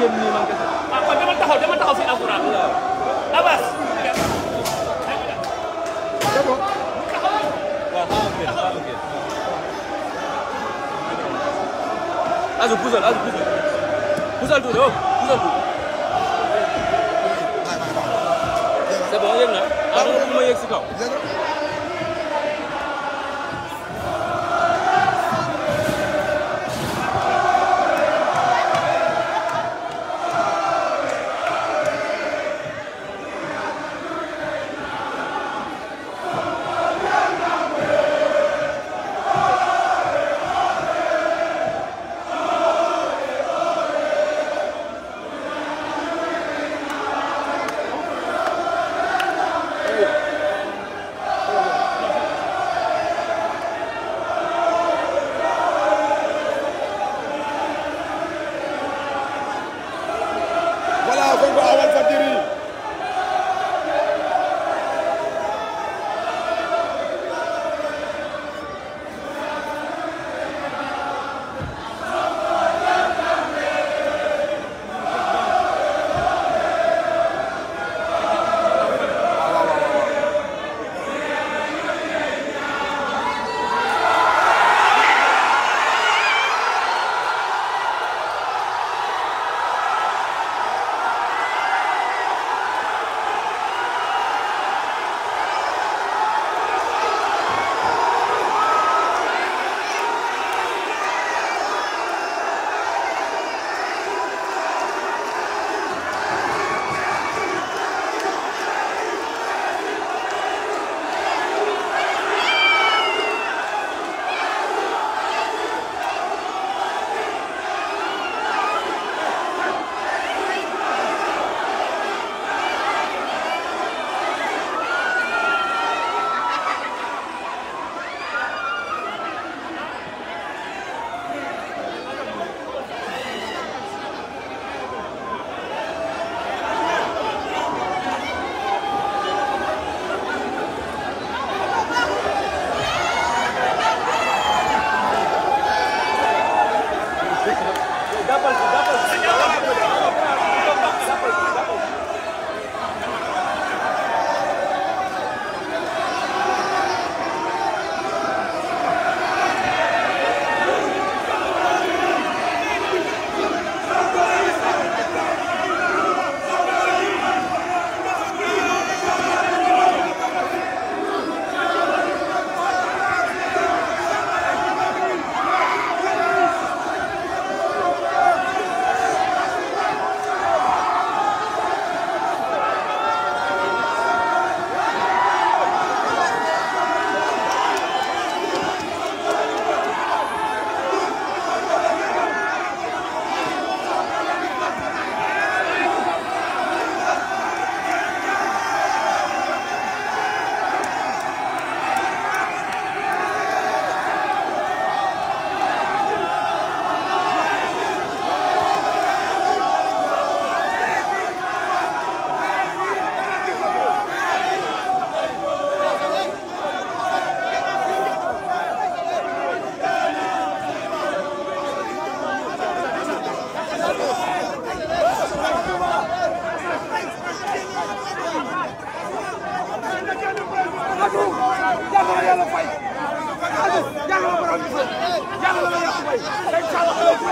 yéen nii man kese. ah kon dama taxaw dama taxaw si alxuraan. Abass. Azu puusal Azu puusal. puusal tuuti oh puusal tuuti. c'est bon yëg na. ah dama bëgg ma yëg si kaw.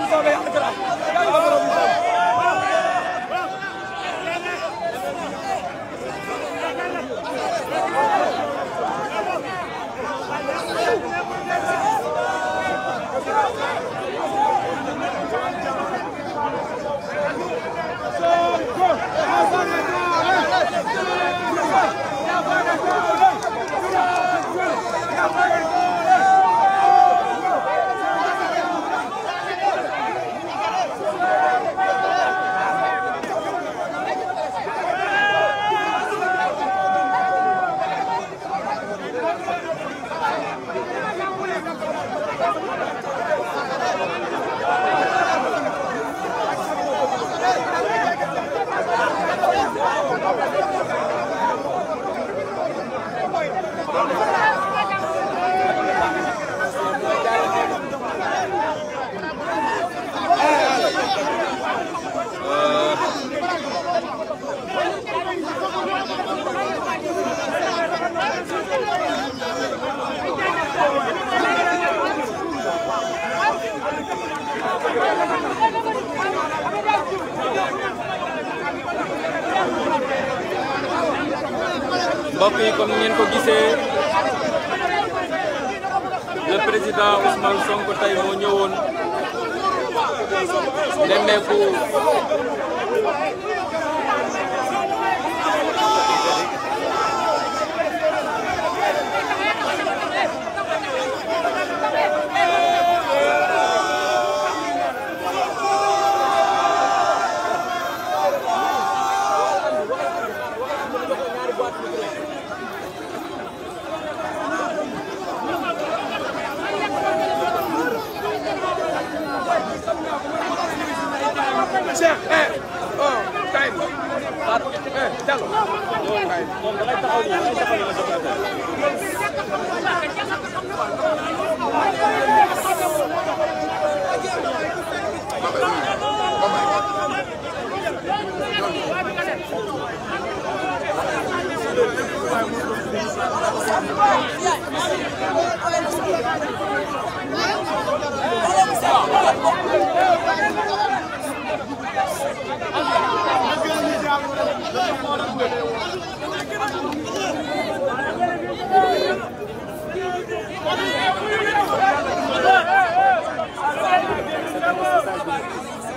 bu soobee mbokk yi comme ngeen ko gisee le président Ousmane Sonko tey moo ñëwoon nemmeeku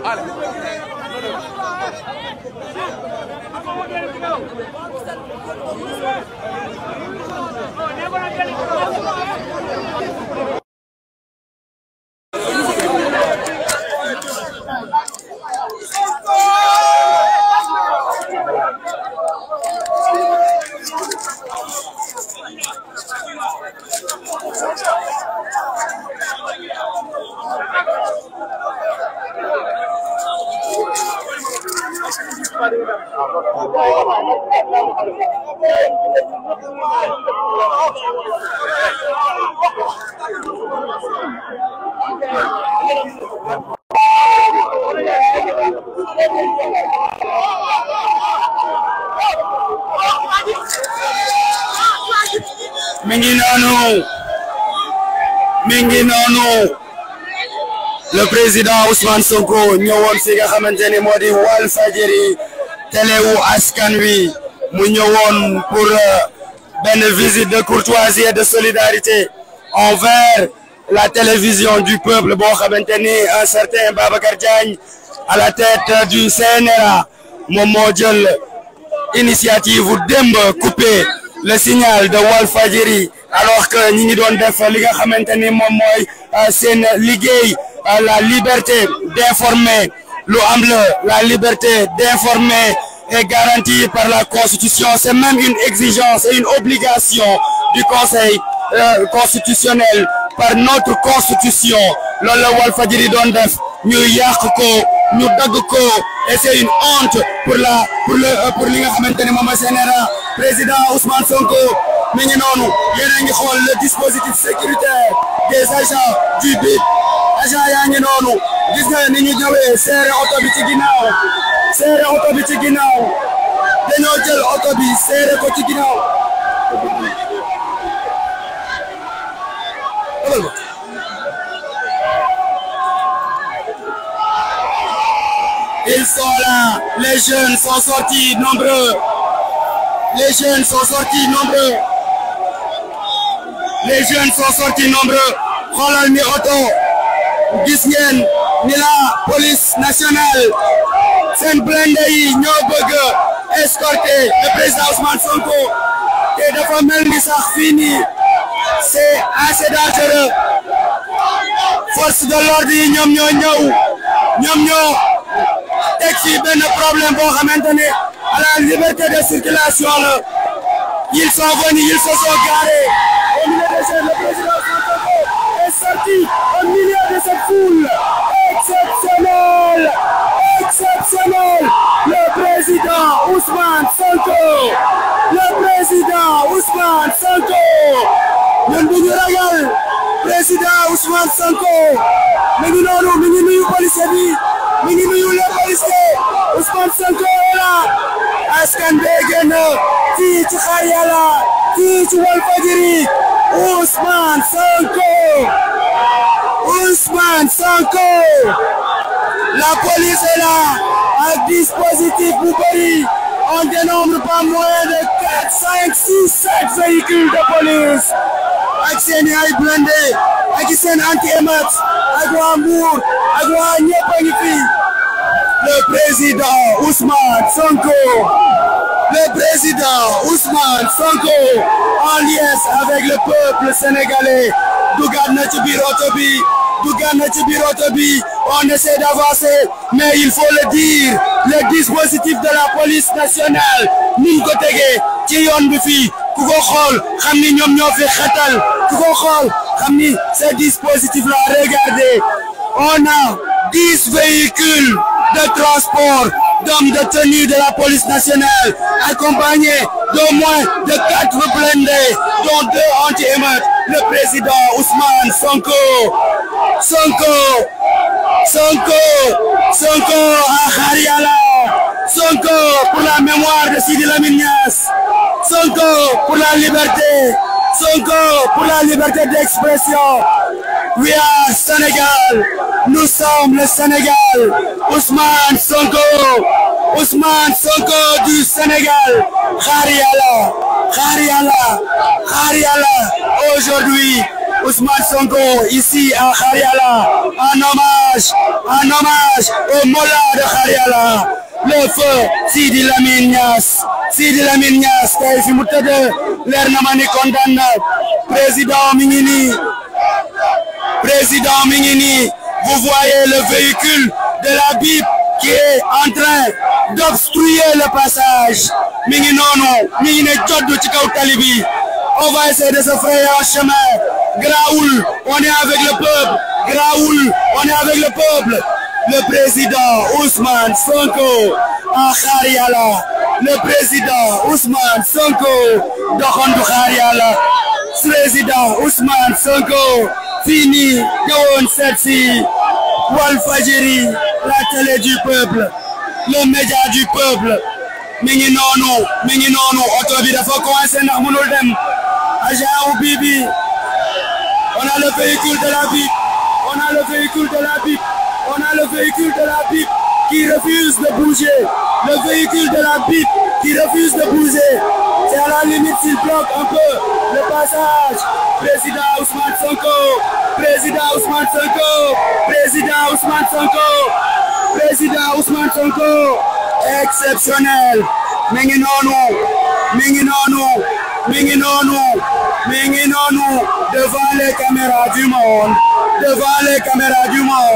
Ale. mi ngi le président Ousmane Sonko ñëwoon fi nga xamante ni moo di Walfadjri télé askan wi mu ñëwoon pour euh, benn visite de courtoisie et de solidarité envers la télévision du peuple boo xamante ni un certain Babacar Diagne à la tête du CNRA moom moo jël initiative bu démb couper le signal de Walfadjri alors que ñi ngi doon def li nga xamante ni moom mooy euh, seen liggéey euh, la liberté d'informer lu am la la liberté d'informer est garantie par la Constitution c'est même une exigence et une obligation du Conseil euh, constitutionnel par notre constitution loolu la Walfadjri doon def ñu yàq ko ñu dagg ko et une honte pour la pour li nga xamante ne moom mooy CNRA président Ousmane Sonko mi ngi noonu yéen a ngi xool le dispositif sécuritaire des agents du BIP agent yaa ngi noonu gis nga ni ñu ñëwee serré oto bi ci ginnaaw serré oto bi ci ginnaaw dañoo jël oto bi serré ko ci ginnaaw. Ils sont là. Les jeunes sont sortis nombreux. Les jeunes sont sortis nombreux. Les jeunes sont sortis nombreux. xoolal mi oto gis ngeen ni la police nationale seen blindé yi ñoo bëgg escorter le président Ousmane Sonko te dafa mel ni sax fii nii c'est assez dangereux force de l'ordre yi ñoom ñoo ñëw ñoom ñoo teg ci benn problème boo xamante ne à la liberté de circulation ils sont venus ils sont garés au milieu des milieu de cette foule exceptionnelle exceptionnelle le président Ousmane Sonko le président Ousmane Sonko ñun bu ñu président Ousmane Sonko mi ngi noonu mi ngi nuyu policier bi ñu ngi nuyu les policiers Ousmane Sonko la askan bi génn fii ci Xaar Yàlla fii ci Walfadjri Ousmane Sonko Ousmane la police est là dispositif bu bëri on dénombre pas moins de quatre cinq six sept véhicules de police ak seeni ay ak seen anti emat ak waa Mbour ak waa ñëpp a ngi fi le président Ousmane Sonko le président Ousmane Sonko en liesse avec le peuple sénégalais dugaat na ci biir oto bi dugaat na ci biir bi on essaie d'avancer mais il faut le dire le dispositif de la police nationale niñ ko tegee ci yoon bi fii ku ko xool xam fi xatal ku ko xool xam ni ce dispositif là regardez on a dix véhicules de transport d'hommes de tenue de la police nationale accompagnés d'au moins de quatre blindés dont deux anti le président Ousmane Sonko Sonko Sonko Ahari Allah Sonko pour la mémoire de Sidi Lamine Niass pour la liberté Sonko pour la liberté d'expression. We are Sénégal. Nous sommes le Sénégal. Ousmane Sonko. Ousmane Sonko du Sénégal. Xaar Yàlla. Xaar Aujourd'hui, Ousmane Sonko ici à Xaar Yàlla, hommage, en hommage au Mola de Xaar le feu Sidi Lamine Niass Sidi Lamine Niass tey fi mu tëdd leer na président mi ngi nii président mi vous voyez le véhicule de la BIP qui est en train le passage mi ngi noonu mi ngi ne joddu ci on va essayer de se frayer un chemin graoul on est avec le peuple graoul on est avec le peuple le président Ousmane Sonko a ah, xaar yàlla le président Ousmane Sonko doxandu xaar yàlla président Ousmane Sonko fii nii ñëwoon seet si Walfadjri la télé du peuple le média du peuple mi ngi noonu dafa coincé ndax mënul dem agent wu on a le véhicule de la BIP on a le véhicule de la BIP qui refuse de bouger. Le véhicule de la BIP qui refuse de bouger. C'est à limite s'il bloque un le passage. Président Ousmane Sonko, président Ousmane Sonko, président Ousmane Sonko, président Ousmane Sonko. Exceptionnel. devant les caméras du monde.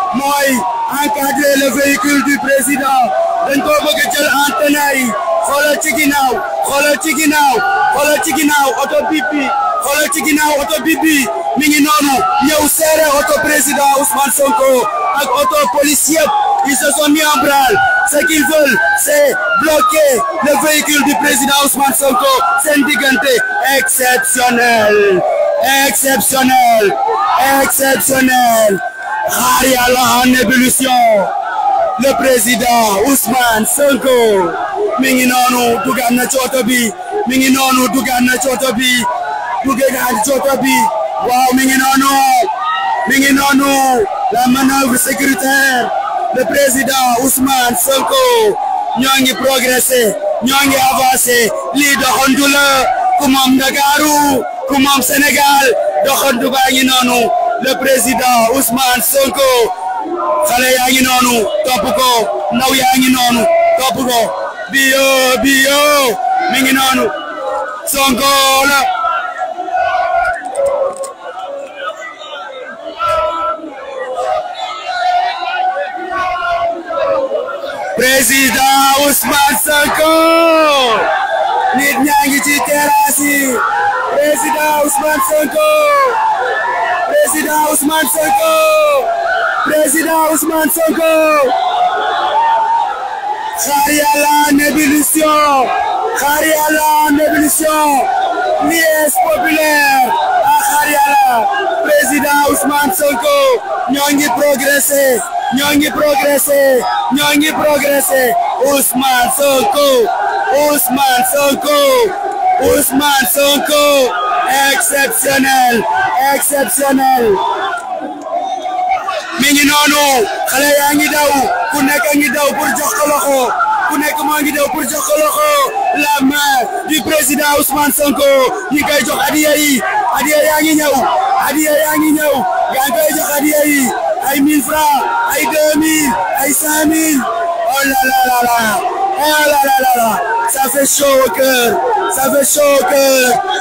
mooy encadrer le véhicule du président dañ ko bëgg jël en tenaille xoolal ci ginnaaw xoolal ci ginnaaw xoolal ci ginnaaw oto bi bi xoolal ci ginnaaw oto bi bi mi ngi noonu ñëw seere oto président Ousmane Sonko ak oto police yëpp ils se sont mis en branle ce qu'ils veulent c'est bloquer le véhicule du président Ousmane Sonko seen diggante exceptionnel exceptionnel exceptionnel xaar yàlla en ébullition le président Ousmane Sonko mi ngi noonu dugaan na cooto bi mi ngi noonu dugaan cooto bi dugaan bi waaw mi ngi noonu mi ngi noonu la manœuvre sécuritaire le président Ousmane Sonko ñoo progressé ñoo ngi avancé lii ku moom Ndakaaru ku moom Sénégal doxantu baa ngi noonu. le président Ousmane Sonko xale yaa ngi noonu topp ko yaa ngi noonu topp ko biyo biyo mi ngi noonu Sonko la président Ousmane Sonko nit ñaa ngi ci terrasse président Ousmane Sonko président Ousmane Sonko président Ousmane Sonko xaar yàlla en ébullition xaar yàlla en ébullition liesse populaire a ah, xaar yàlla président Ousmane Sonko ñoo ngi progressé ñoo ngi progressé ñoo ngi progressé Ousmane Sonko Ousmane Sonko Ousmane Sonko exceptionnel exceptionnel. mi ngi noonu. xale yaa ngi daw ku nekk a ngi daw pour jox ko loxo ku nekk maa ngi daw pour jox ko loxo la main du président Ousmane Sonko ñu koy jox adiya yi adiya yaa ngi ñëw adiya yaa ngi ñëw yaa ngi koy jox adiya yi ay 1000 ay 2000 ay 5000 oh là là là là oh là là là là